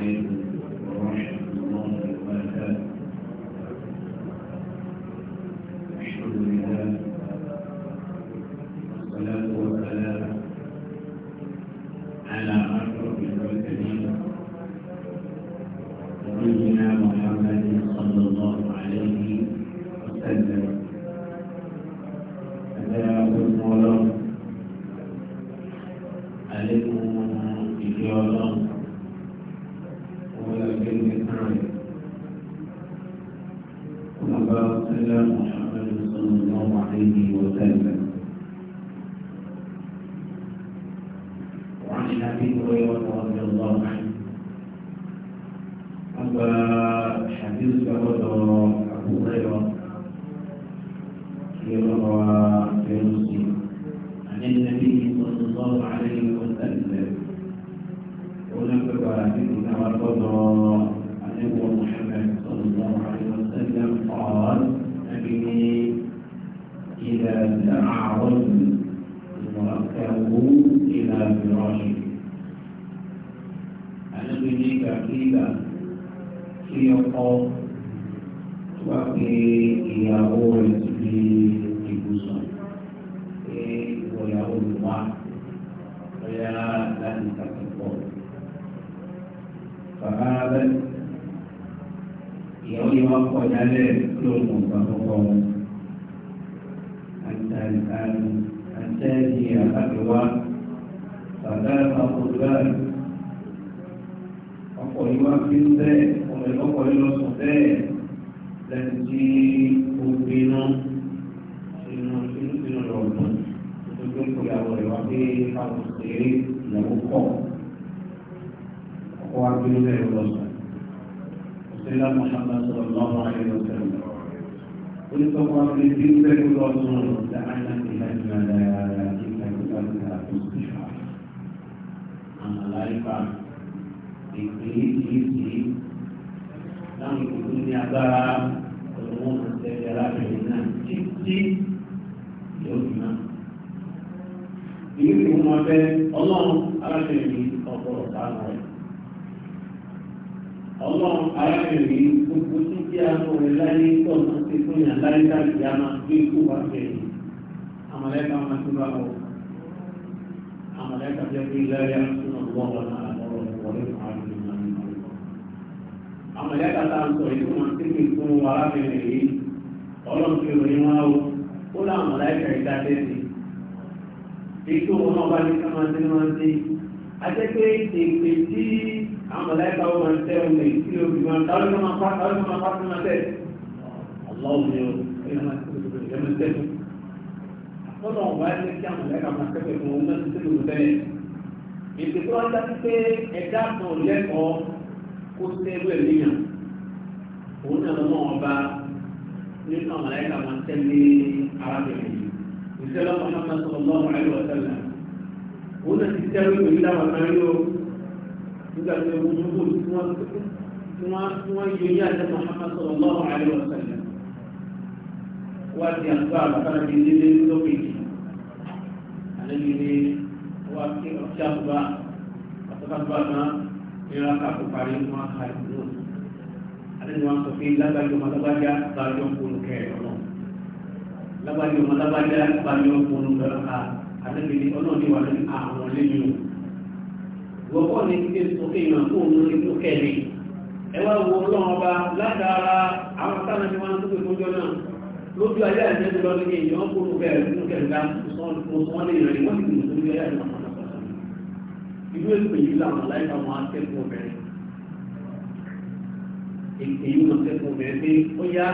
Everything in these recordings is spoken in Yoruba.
عليكم ورحمة الله وبركاته وبارك على محمد صلى الله عليه وسلم وعن ابي هريره رضي الله عنه ìgbàkigbà tí ọkọ tó bá pe ìyàwó rẹ̀ síbi ìbùsùn pé ìwọ ìyàwó mi wá lọ́yà láti ṣàkóso. Bàbá rẹ̀ ìyàwó yìí wá kọ̀ jálẹ̀ lóògùn ìgbàkọ̀kọ̀ wọn. Àǹtẹ̀ẹ̀dì àbájọ wa bàbá rẹ̀ máa kó lóyà rẹ̀ ní máa fi ń tẹ́ ọmọ ìlọ́kọ̀ nínú sùn bẹ́ẹ̀ lẹ́yìn tí ó gbé iná inú inú sínú lọ dùn tó tó ń pè àwọn ìwà pé káwọn ṣeré ìyàwó pọ̀ ọkọ̀ wa gbé bẹ́ẹ̀ lọ sùn. Òṣèlú Mùsàlá sọ̀rọ̀ lọ́wọ́ ayé lọ sẹ́yìn. Onítọ́kọ̀ fi ti ń tẹ́ lọ sùn láàárín ìlànà ìlànà ìlànà ìlànà ìlànà ìlànà ìpèlè ìpèlè láwọn ìpèlè ní agbára ọ̀dọ́wọ́n máa tẹ̀lé alábẹ̀rẹ̀ náà títí yóò fi máa. ìlú ìlú wọn fẹ́ ọlọ́run alábẹ̀rẹ̀ ní ọ̀pọ̀lọpọ̀ àwọn rẹ̀. ọlọ́run alábẹ̀rẹ̀ ní gbogbo títí àwọn rẹ̀ láyé pọ̀ náà ti fún yàn láyé káàkiri àmà bí ikú wà bẹ̀rẹ̀ àmàlẹ́kà máa ti bá wọn àmàlẹ́kà jẹ́ pé láyé àtúnọ̀ lọ́wọ́ náà lọ́wọ́ mọ̀lẹ́ka tá a sọ yìí fún wọn títí fún arábìnrin yìí ọlọ́run fi wọn o ó láwọn mọ̀lẹ́ka ìdá tẹ́sí ètò ọmọ bá ní káwọn tí wọ́n ti ajẹ́pẹ́ èpè tí àwọn mọ̀lẹ́ka ó máa ń tẹ́ ọmọ èyí tí obì máa ń tẹ́ ọlọ́run máa ń pàṣẹ ọlọ́run máa ń pàṣẹ máa tẹ̀ ọlọ́run ni ó ẹ̀rọ tẹ́sí lọ́nà ọ̀gá ẹni tí àwọn ẹ̀ka máa kẹ́kẹ̀ẹ́ fún ọmọ ẹni tí ó lò bẹ́ẹ̀ ètò tó wá dá sí pé ẹ̀dá kan lẹ́kọ̀ọ́ kó sẹ́lú ẹ̀ níyàn òun náà lọ́mọ ọba nínú àwọn aláìka máa ń tẹ́lé arábìnrin yìí ìṣẹ́lẹ̀ ọmọ náà sọ lọ́wọ́ àìlú ọ̀sẹ̀lẹ̀ òun náà ti tẹ́lú ìwé yìí láwọn kan yóò nígbà tó ewu tó kù tí wọ́n tí wọ́n yọ ní àjẹ́ Muhammad sọ̀rọ̀ lọ́wọ́ àìlú ọ̀sẹ̀lẹ̀ wá di àgbà àbúkárà bíi nílé lókè yìí ni wá kí ọ̀kí àbúbá àtọ́kàtúbà ìrora káàkó parí ní wọn ká ìlú náà àdéhùn wọn sọ pé lágbájọ ọmọ lágbájá báyọ ọkùnrin kẹrẹ ọmọ lágbájọ ọmọ lágbájá báyọ ọkùnrin kẹrẹ ọmọ àdéhùn ní ọlọ́ọ̀ni wà ní àwọn lẹ́yìn o wọ́pọ̀ ní kíkẹ́ sókè ìmọ̀ kó òun ní tó kẹ́lẹ̀ ẹ wá wo ọlọ́run ọba látara àwọn sáà ní wọn tó pè fún jọ náà lójú ayé àti ẹgbẹ́ lọ́dún yìí ìyọ́n kó irú èpè yìí làwọn aláìsàn àwọn akẹ́kọ̀ọ́ obìnrin èpè yìí wọn akẹ́kọ̀ọ́ obìnrin pé ó yá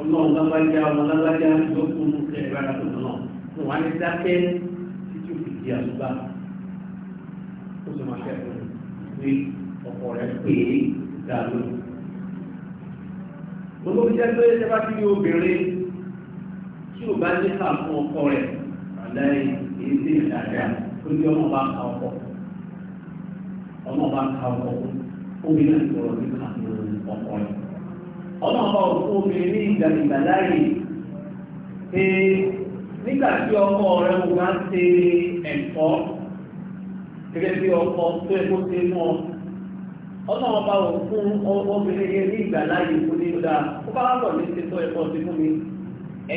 ọlọ́run lágbájá ọmọ lágbájá yọkùn ní ẹ̀rọ alákòóso náà fún wa ní dákẹ́ títí òfin di àdúgbà ó sì máa kẹ́kọ̀ọ́ pé ọkọ rẹ̀ pè é dàlú. olóògbé jẹ́ pé ṣé bá ti ní obìnrin tí ò bá ní ká fún ọkọ rẹ̀ àdáyé èyí sí ìdájà tó ní ọmọ bá ka ọkọ ọlọ́run bá ń ka ọkọ obìnrin náà sọ̀rọ̀ nípa ọkọ rẹ̀ ọlọ́run bá òkú obìnrin ní ìgbàgbà láàyè pé nígbà tí ọkọ rẹ̀ wò bá ń ṣe ẹ̀kọ́ gẹ́gẹ́ bí ọkọ tó ẹ̀kọ́ ṣe mọ́ ọlọ́run bá òkú obìnrin yẹn ní ìgbà láàyè kó ní ó dáa ó bá wà ní ṣe tó ẹ̀kọ́ ṣe fún mi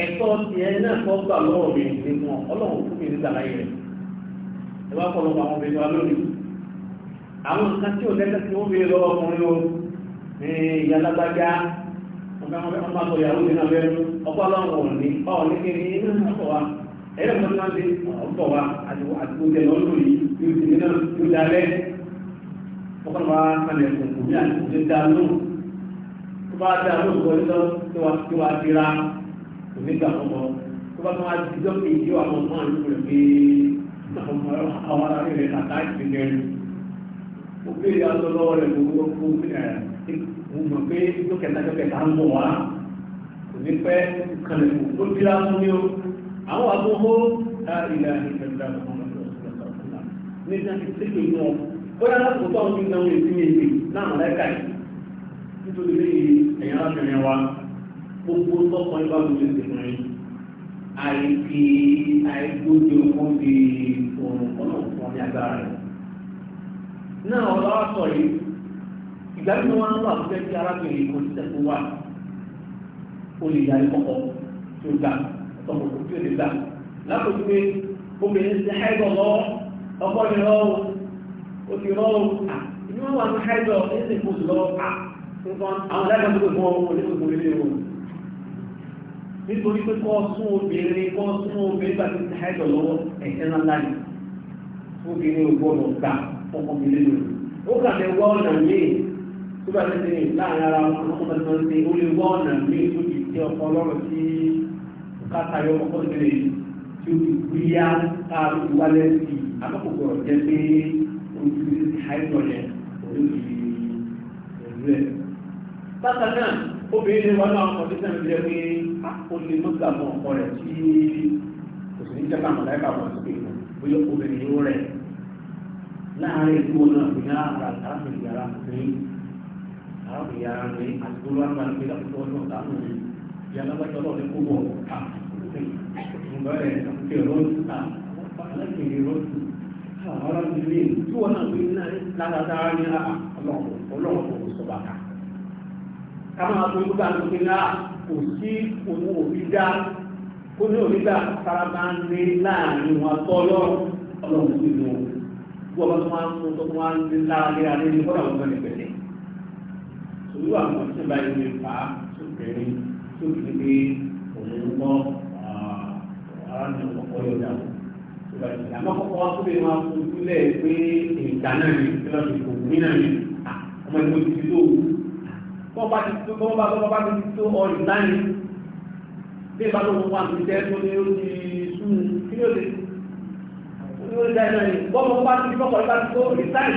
ẹ̀kọ́ tiẹ̀ náà kọ́ gbà lọ́wọ́ mi ní mọ́ ọlọ́run àwọn nǹkan tí ò lẹ́tẹ̀ tí ó bèèrè lọ́wọ́ ọkùnrin o ìyá lágbájá ọmọ ìyàwó ìrìnà bẹ́ẹ̀ ni inú ọkọ̀ wa ẹ̀rọ kan náà ti ọkọ̀ wa àtìkò jẹ lọ lórí yóò ti nínú yóò da lẹ́ ọkọ̀ wa kalẹ̀ kòkò ní àtìkò ní da ló tó bá da ló kọ́ ní lọ́wọ́ tí wàá tí wàá ti ra kò ní gbà kọ́kọ́ tó bá bí ìyá tó lọ́wọ́ rẹ̀ gbogbo kú mo mọ̀ pé tó kẹtàkẹtà ń bọ̀ wá kò ní pẹ́ kalẹ̀ kù tó bí ra mú ní o àwọn àbúhó ilẹ̀ ìfẹ̀dà ní ìjà ti tẹ́kì inú ọ bóyá láti tọ́ ní ìjà òun èsì méjì láàmú lẹ́ka yìí nítorí bí ẹ̀yìn arábìnrin wa gbogbo tọ́kọ ní báwo ló ti rìn àìsí àìgbóde ogún di òun ọlọ́run fún ọ ní agbára rẹ̀. náà ọlọ́wọ́ sọ yìí ìgbà tí wọ́n ń lọ àbújá tí arábìnrin kò tẹ̀ tó wà ó lè darí kọ̀kọ́ tí ó gbà ọ̀tọ̀kọ̀ tí ó lè gbà lákòókò pé obìnrin ti háìdọ̀ lọ́wọ́ ọkọ mi lọ́wọ́ ó ti lọ́wọ́ à ìní wọn wà ní háìdọ̀ ní ti lọ́wọ́ à nǹkan àwọn adájọ́ tó gbọ́ wọn ní gbogbo ilé wọn nítorí pé kọ́ sún obìnrin kọ́ sún obìnrin bá ti háìdọ̀ lọ́wọ́ ẹ̀ṣẹ̀ ọkọ̀ mi lẹ́nu ó kà lè wá ọ̀nà míì tó bá ti ṣe láàrin ara wọn ọmọ tó ń ṣe ó lè wá ọ̀nà míì tó ti ṣe ọkọ̀ ọlọ́rọ̀ tí káta yọ ọkọ̀ sílẹ̀ tí ó ti gbé yá ká wálẹ̀ sí akọ́kọ̀kọ̀ jẹ́ pé ojú àìsàn yẹn ló fi ẹ̀rú ẹ̀. bákan náà obìnrin ni wọn náà ọkọ̀ tó sẹ́yìn jẹ́ pé ó lè mọ́tò àwọn ọkọ̀ rẹ̀ tí kò sì ní láàárín ikú náà fi náà arábìnrin yàrá ní arábìnrin yàrá ní àtúntò lọ́wọ́ àti ìlà tó tọ́ náà dáhùn ní yàrá bá tọ́lọ́ ní kúbọ̀ ká ìbẹ̀rẹ̀ àti rọ́ọ̀tù ká alákìnrin rọ́ọ̀tù arábìnrin tí wọ́n náà fi náà ládàá ní ọlọ́wọ́ kò sọ bàtà káwọn akóyún bá lókè náà kò sí òun òbí dá ó ní òbí dá sára bá láàrin wọn tọ́ lọ́rùn ọlọ́run bó ọba tó máa ń mú tó máa ń dín lára léra lé ní kọ́dà ọ̀gbọ́n ní pẹ̀lẹ́. Olú àwọn ọ̀sẹ̀ báyìí lè fà á sókèrè sókèrè pé òun ń kọ́ aráàlú ọkọ̀ yọ̀dà àmọ́ kọ́kọ́ wá kó lè máa fojú lẹ̀ pé ìjà náà ni kí wọ́n ti kò ní náà ni ọmọ ìlú ti fi tó wù. Bọ́n bá ti tó bọ́n bá tó bá ti tó ọ ìgbà yẹn. Bí ìbá tó wọ́n wá tó ní ó ti sùn kí ló dé? tí ó dá iná ni bọ́ọ̀mù bá ti fọ́kọ̀ bá ti tó rìtáì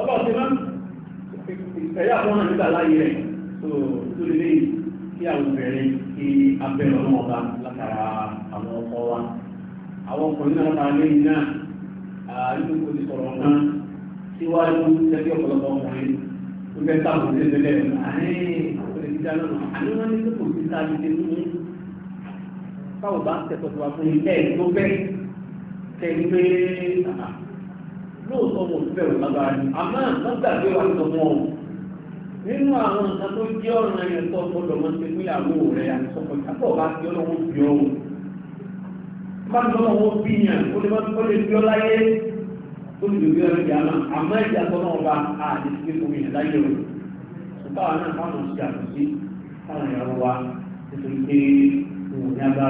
ọlọ́ọ̀tí náà ìfẹ̀yà fún ọ̀nà nígbà láyé rẹ̀ tó lè lè kí àwọn obìnrin kí abẹ́rẹ́ ọlọ́wọ́ bá látara àwọn ọkọ wa àwọn ọkùnrin náà ta lẹ́yìn náà nínú kò ti sọ̀rọ̀ náà síwájú tẹ́tí ọ̀pọ̀lọpọ̀ ọkùnrin tó fẹ́ táwọn ọ̀sẹ̀ tẹ́lẹ̀ àárín ọ̀sẹ̀ ti tẹ̀lé pé lóòótọ́ mo fẹ́ òun lágbára ni àmọ́ àgbàgbé wa sọ mọ́ ọ nínú àwọn nǹkan tó jẹ́ ọ̀ràn ẹ̀yẹ tó ọ̀pọ̀lọpọ̀ máa ń ṣe fúnyàwó rẹ̀ àtọ̀kọ̀ ìtàkọ̀ bá ti ọlọ́wọ́ bí ọ bá ti ọlọ́wọ́ bí yàn ó lè ó lè bí ọ láyé ó lè bí ọ lè yàn náà àmọ́ ìjà tó náà bá a lè fi fún mi àti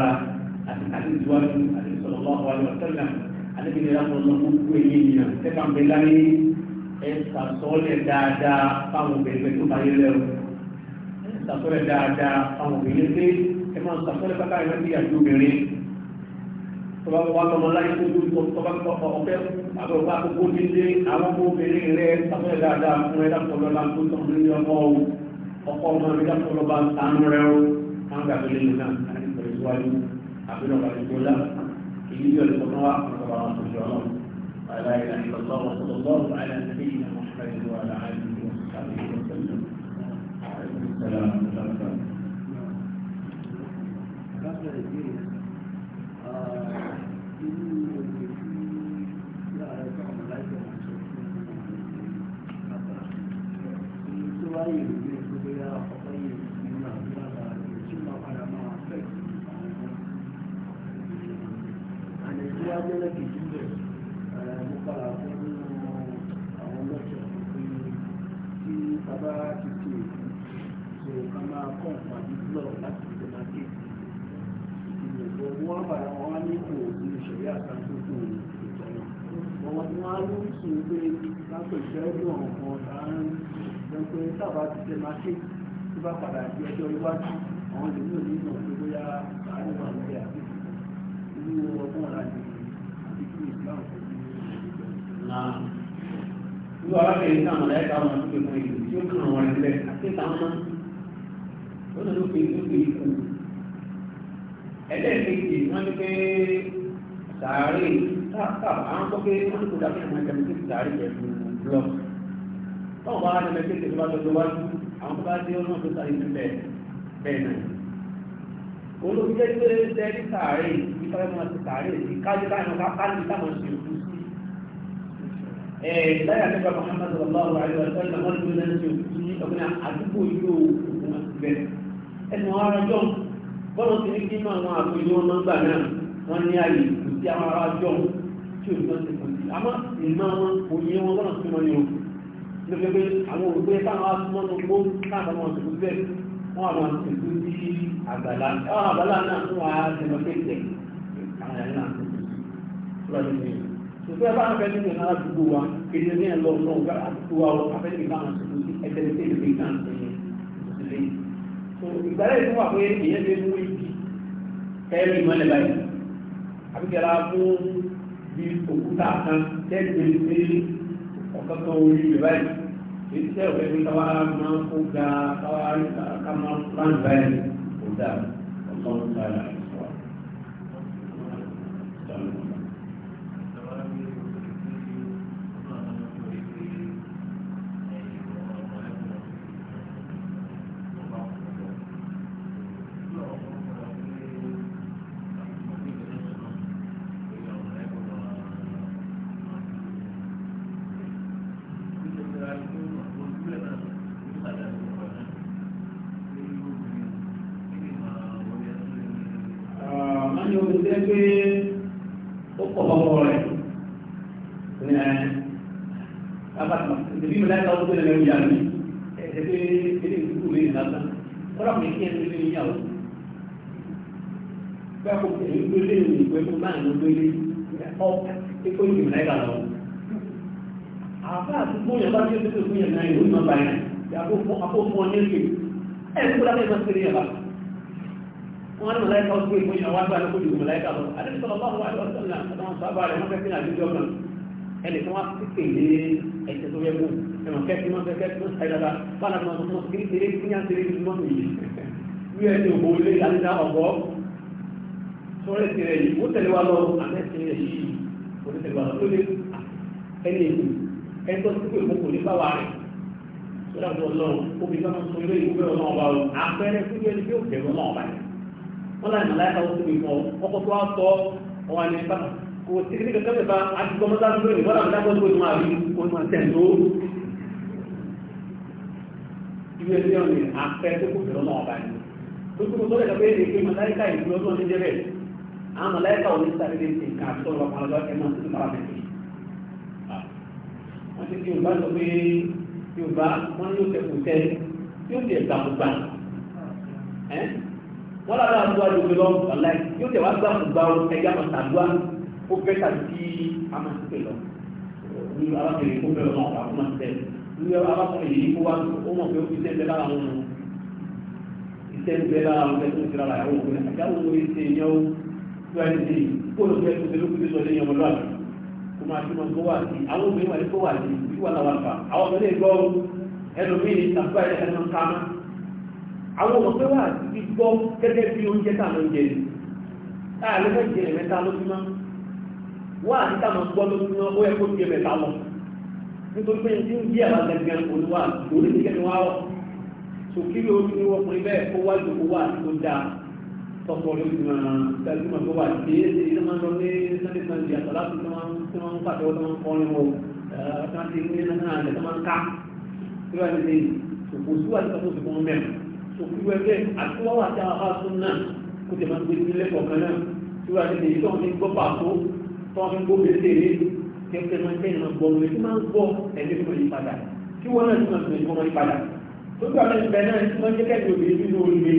àti ìtúwájú àti ìsọ̀rọ̀ alẹ́bìnrin lápò lọ gbogbo èyí nìyà ẹ̀ka ń bẹ láyé ẹ̀ka sọ́ọ̀lẹ̀ dáadáa fáwọn obìnrin tó bá yẹ lẹ́rù ẹ̀ka sọ́ọ̀lẹ̀ dáadáa fáwọn obìnrin pé ẹ máa ka sọ́ọ̀lẹ̀ bàbá yẹn bí àti obìnrin tó bá wà lọ́mọ láyé tó tó tó bá kọ́ ọ̀fẹ́ àbẹ̀ wà gbogbo dídé àwọn ọmọ obìnrin rẹ̀ sọ́ọ̀lẹ̀ dáadáa fún ẹ lápò lọ́la tó tó ń lé ọkọ ọkọ ọmọ rẹ̀ lápò lọ́ba tánú rẹ̀ ó káńgà tó lé nìkan àti ìlú ẹ̀kọ́ tó wà lọ́wọ́ àwọn àtúnṣe ọlọ́run aláìlá ìlọ́lọ́ ọ̀sọ̀lọ́run aláìsí ìlú àlá àìsí ìwọ̀n Thank you. wá jẹ́ lẹ́kì sílẹ̀ mo padà fún nínú àwọn ti tè so ká máa kọ́ nǹkan àbí blọ̀ láti fi máa ké ìgbìmọ̀ ìgbọ̀ wọn padà wọn á ní kò ní ìṣẹ̀lẹ̀ àtàkùn tó ìtọ́ wọn wọn á ló ń sùn pé lápò ìṣẹ́ ọdún ọ̀kan tá à ń lọ pé tábà ti tẹ máa ké tó bá padà di ọjọ́ iwájú àwọn lè ní òní Irú arákùnrin náà mọ̀lá ẹ̀ka ọmọ tó fi fún ìlú tí ó kàn wọ́n ẹgbẹ́ àti ìtàwọn náà. Ó lè ló fi ìlú fi kú. Ẹlẹ́ẹ̀kejì wọ́n ní pé sàárè káàkiri àwọn tó pé wọ́n ní kò dábìí àwọn ẹgbẹ́ tó ti sàárè jẹ fún blọọkì. Báwo bá ẹgbẹ́ tó ti bá lọ́jọ́ wájú àwọn tó bá dé ọlọ́run tó sáré ní bẹ́ẹ̀ náà. Olùdíjẹ́ tó lè sọ́rẹ́ mọ́ ti tààrí èyí kájú táwọn ọba kájú táwọn ṣe òkú sí. ẹ̀ẹ́ láyà nípa Muhammad sallallahu alaihi wa sallam wọ́n ló lẹ́nu ṣe òkú ní ọ̀gbìn àdúgbò yóò òkú wọn ti bẹ̀rẹ̀. ẹnu ara jọ bọ́lá ti ní kí mọ àwọn àgbòyí wọn máa gbà náà wọ́n ní ààyè kò sí àwọn ara jọ tí òkú wọn ti kò sí. àmọ́ ìmọ̀ wọn kò yé wọn lọ́nà tí wọ́n yọ òkú yẹn àyànnà lọ́dún ní ṣùgbọ́n ẹ̀bá ń fẹ́ nínú ìlànà àdúgbò wa kéde ní ẹ̀lọ́ náà gbá àdúgbò wa afẹ́lẹ́ ìbámu àtúntò sí ẹgbẹ́ tí èdè ìgbà ń tẹ̀lé ìdílé so ìgbàlẹ̀ ìfún wa pé èyẹ lè mú ibi kẹ́rì mọ́lẹ̀ báyìí àbíkẹ́lá fún bí òkúta kan tẹ́gbẹ̀ẹ́ sí ọ̀kan kan orí rẹ̀ báyìí èyí tẹ́ ọ̀fẹ́ ní káwá máa ń ẹ̀rọ ìyá mi ẹ̀sẹ̀ pé ilé ìdúgbò mi ìlànà kọ́lá mi kí ẹni lé níyàwó bí a kò tẹ̀lé ń gbélé ìwé ìwé tó bá ìlú gbélé ọ ikú ìlú náírà lọ. àbá àti bóyá bá dé tó fún yẹn náà ìlú náà báyìí yàgò fún àpò fún ọ ní èké ẹ kó lábẹ́ ìmọ̀ sílẹ̀ yàrá wọn ní mọ̀láyíká ó gbé ìfún ìyàwó àgbà lóko ìlú mọ̀láyíká lọ àdébí sọ̀rọ̀ bá wà lọ́sọ̀ náà àtàwọn sábà rẹ̀ wọ́n fẹ́ sí àdéjọ́ náà ẹnì kan wá sí pèlè ẹ̀jẹ̀ ẹ̀mọ̀ kẹ́kí mọ́ kẹ́kí mọ́ ṣàìdàdà bára mọ́ mọ́ kiri tèrè kí ní àtẹ̀rẹ̀ ìlú mọ́ nìyí bí ẹni òbò ilé ìlànà ọ̀gọ́ sọ́rẹ́ tẹ̀rẹ̀ yìí ó tẹ̀lé wa lọ àmẹ́tẹ̀rẹ̀ yìí ó tẹ̀lé wa lọ tó lé ẹni èkó ẹni tó ti pè fún kò ní bá wa rẹ̀ sọ́dà bọ̀ lọ omi bá wọn sọ ilé ìwé ọlọ́run ọba o àpẹẹrẹ fúnjẹ ni ilé ẹgbẹ́ ọ̀nì afẹ́ tó kò fẹ́ràn náà ọba yìí tó tó tó lẹ́ka pé èké mọ̀láyíká ìlú ọdún ní débẹ̀ àwọn mọ̀láyíká òní sáré ti kà tó lọ pa lọ ẹ̀mọ́ tó mara bẹ̀rẹ̀ wọ́n ti Yorùbá sọ pé Yorùbá wọ́n yóò tẹ̀ kù tẹ́ yóò tẹ̀ gbàmùgbà wọ́n lára àdúrà ló fi lọ ọ̀la yóò tẹ̀ wá gbàmùgbà ẹ̀yà mọ̀tàdúrà ó fẹ́ tàbí àmọ̀ ní alákùnrin yìí kó wá ó mọ̀ pé ó fi tẹ́lẹ̀ lára wọn o ń bẹ lára wọn tẹ́lẹ̀ tó ti lára ìyàwó òkú náà ìyàwó òkú yìí ṣe ìyàn ó tó ẹni ṣe kó ló fẹ́ tó ṣe ló fi sọ ní ìyàn ọlọ́àbí kó máa fi mọ kó wà sí àwọn obìnrin wà ní kó wà sí bí wà láwà fà àwọn ọmọdé gbọ́ ẹlòmíì tàbí ẹnu ká àwọn ọmọ pé wà sí gbọ́ gẹ́gẹ́ bí oúnjẹ tá à ń jẹ táà nítorí pé tí ń bí àwọn gẹ́gẹ́ olúwa lórí ti kẹ́ni wá wọ̀ sòkìrì olúwa ọkùnrin bẹ́ẹ̀ kó wá ìdòkó wà tó dáa tọpọ lórí ma tẹlifí ma tó wà dé ilé máa ń lọ ní sunday sunday àtàlà tó tó máa ń tó máa ń pàtó tó máa ń kọrin o tó máa ń ti ní nínú àlẹ tó máa ń ká tó wà nílé òkú sí wà nípa ti fún mẹ́rin òkú ẹgbẹ́ àti wọ́n wà tí a bá tún náà kó tẹ̀ máa ń gbé nílé kọ̀ọ̀kan náà tó wà nílé tó ń kẹ́kẹ́ máa tẹ́ ìmọ̀ gbọ́ mi tí máa ń gbọ́ ẹ̀mí fún mi padà kí wọ́n náà ti máa tún ìfún mi padà tó gbà mí bẹ́ẹ̀ náà ti máa ń jẹ́ kẹ́kẹ́ obìnrin nínú olùgbé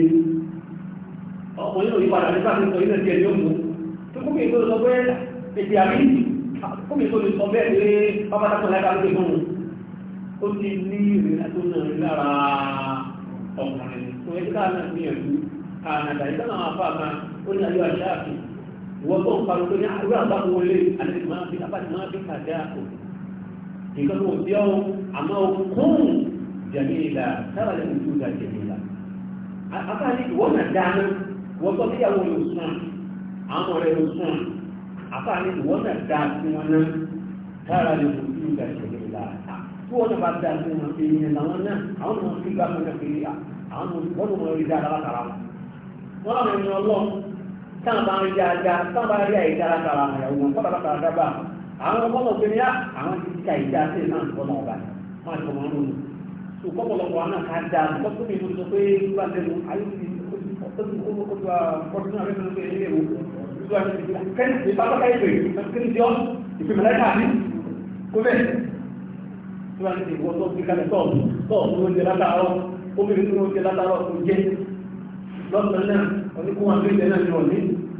ọkùnrin náà yí padà nípa mi sọ ilé tiẹ̀ yóò mú tó kó mi tó lọ bẹ́ẹ̀ ètè àmì kó mi tó lè sọ bẹ́ẹ̀ pé bàbá tó lága ló dé fún un ó ti ní ìrìnà tó nà lára ọkùnrin tó yẹ ká náà gbìyànjú ànàdà ìtàn àwọn afáàmà ó ní ayé àṣà àfihàn wọ́n tó ń parọ́ tó ní àdúrà bá wọn lé àti máa bí abájú máa bí kàdé àpò nǹkan tó bí ọ́ àmọ́ okùn jẹ̀míìlà sábà lè mú ìdúrà jẹ̀míìlà. afa ni wọ́n nà dáná wọ́n tó bí àwọn yóò sùn àwọn ọ̀rẹ́ yóò sùn afa ni wọ́n nà dá sí wọn náà sábà lè mú ìdúrà jẹ̀míìlà. tí wọ́n nà bá dá sí wọn ènìyàn làwọn náà àwọn ọmọ fi gbà wọn náà fi rí táwọn ń rí dáadáa táwọn rí àìdára tara àyàwó wọn kọ́ta dábà àwọn ọmọ òbí yá àwọn ti ka ìdá sí náà ń fọmọ ọba máa tọmọ ọdún mi tó kọ́pọ̀lọpọ̀ àwọn àká dá lọ́pọ̀ mi ló sọ pé nígbà tẹnu ayé ti ọdún kó kó tó a fọdún náà lẹ́nu tó ilé wo tó a ti kẹ́ni ti bàbá ká ìwé kẹ́ni ti ọ́ ìfìmọ̀lẹ́ ká mi kó bẹ́ẹ̀ tó a ti wọ́n tó fi kalẹ̀ tọ́ọ̀tù tọ́ọ̀tù ló ń jẹ látàárọ̀ obìnrin ló ń kò jẹ lọ́sàn náà oníkó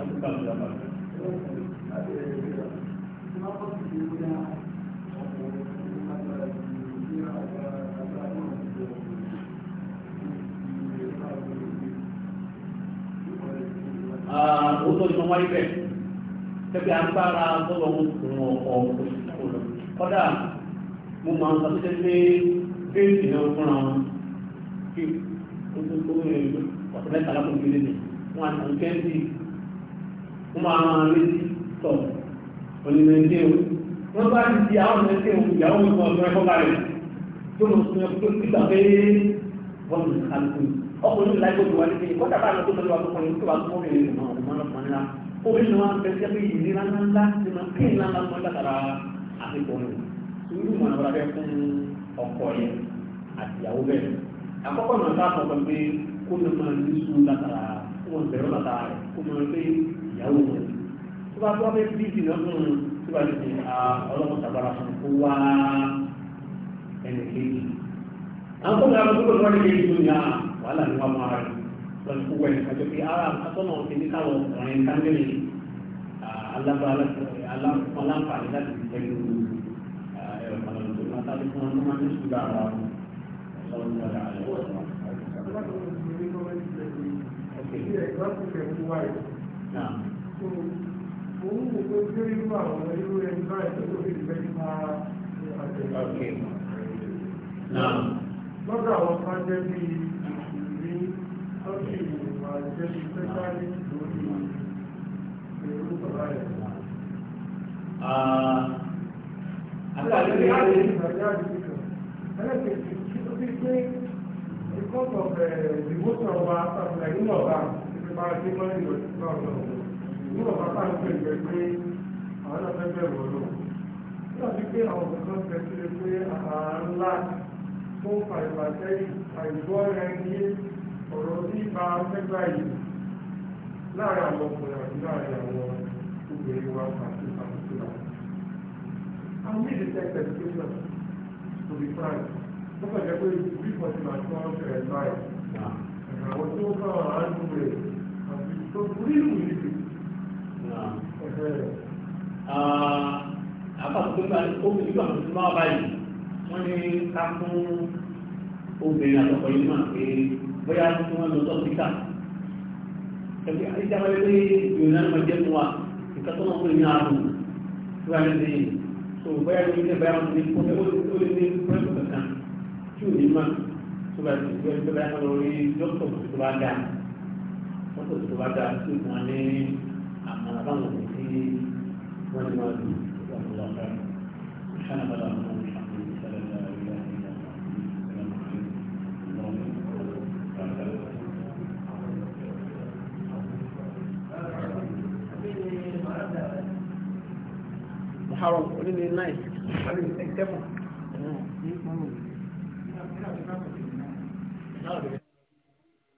òótọ́ ni wọ́n wáyé bẹ́ẹ̀ tẹ́gbẹ́ agbára bọ́lọ̀ ń kun ọkọ̀ òṣìṣẹ́ kọ́dà mo máa ń sọ pé pé déètì náà fúnra wọn kí o tó tó ọ̀sẹ̀ mẹ́ta lápò nílé ni wọ́n àtàwọn kẹ́ńtì wọ́n máa máa létí tọ̀ onímẹ̀tẹ́ o wọ́n bá ti di àwọn mẹ̀tẹ́ o ìyàwó mi kan ọ̀sán ẹ̀kọ́ balẹ̀ tó lọ sí ẹ̀kọ́ tó ti gbà pé wọ́n mi ká lóko ọkùnrin láì gbọdọ̀ wá létí kọ́tà bá lọ tó lọ wá lọ́kùnrin tó wà tó wọ́n mi mọ̀ ọ́n mọ́ ọ́n ńlá obìnrin wa ń bẹ sí ẹgbẹ́ ìlera ńláńlá ti máa kí ńlá ńlá mọ́ látara àtìkọ́ rẹ̀ sùúrù mọ̀ ọ́n rẹ̀ fún ọkọ yẹn àtìyàwó bẹ́ẹ̀ àkọ́kọ́ náà ká sọ pé kó ló máa ní sùúrù látara wọn bẹ̀rù látara rẹ̀ kó mọ̀ ìyàwó rẹ̀ tó bá tó wá fẹ́ bí ìdìnnà fún un tó bá ti di ọlọ́run tàbára fún kó wá ẹnì kejì. àwọn tó ń gbà lọ́dún lọ́dún lọ́dún kejì tó ń wàhálà ní wàá máa rẹ̀ lọ́dún kó wẹ̀ àjọ pé ara àtọ́nà ti ní káwọn ọ̀rìn kángẹ́lì aláǹfààní láti fi tẹ́lẹ̀ ẹ̀rọ kàlọ́dún tó máa tábí fún ọdún èyí rẹ̀ so òun wò pé kí irú àwọn irú ẹni báyìí tó lórí ìfẹ́ ní máa àtẹ̀lẹ́. lọ́dọ̀ àwọn kan jẹ́ bí ìrírí lọ́sì ìwà jẹ́ bí pẹ́tàlì lórí ìrú bàbá rẹ̀. Àgbàdo ní àlè ìgbàjáde because of eh, the devotion of our staff, like nínú ọba preparatory money lọ sí náà lọ nínú ọba sáà ń pè jẹ pé àwọn náà fẹ́ bẹ̀rù ọ̀lọ́ nígbà tí pé àwọn òṣìṣẹ́ fẹ́ sí lè pé àhà ńlá tó ń fa ìbàjẹ́ àìgbọ́ ẹni ọ̀rọ̀ sí ìbá fẹ́gbà yìí láàrin àwọn ọkùnrin àti láàrin àwọn obìnrin wa àti àkókò náà. I need a tech education to be frank ó jẹ́ pé ìwé ìfọ̀síwà tí wọ́n fẹ̀rẹ̀ báyìí àwọn tí ó kàn án ń rẹ̀ àti tó burú ìlú níbi. àpapọ̀ pé omi nígbà tó ti máa báyìí wọ́n ní ká fún obìnrin àtọkọ̀ yìí máa pé bóyá tí wọ́n lọ sọ́sítà ẹgbẹ́ àìjáwé pé ìrìnà náà jẹ́ fún wa nǹkan tó náà pè ní àrùn tí wọ́n á lè ṣe yìí so bóyá ní ilé bóyá wọ́n ti ní kó lè ní pẹ́ẹ́lú kankan tí ò ní mà tó bá ti gbé tó bá yẹ lọ rí dókítà tó bá dà dókítà tó bá dà tó mọ ní àmọ́ àbáwọn òbí tí wọ́n ti máa lò tó wà lọ́wọ́ ká sani bá làwọn ọmọ mi àti ìṣẹ̀lẹ̀ náà rí i. Haram, only nine. I mean, seven. เราจะต้องปฏิบัติแล้วเราจะ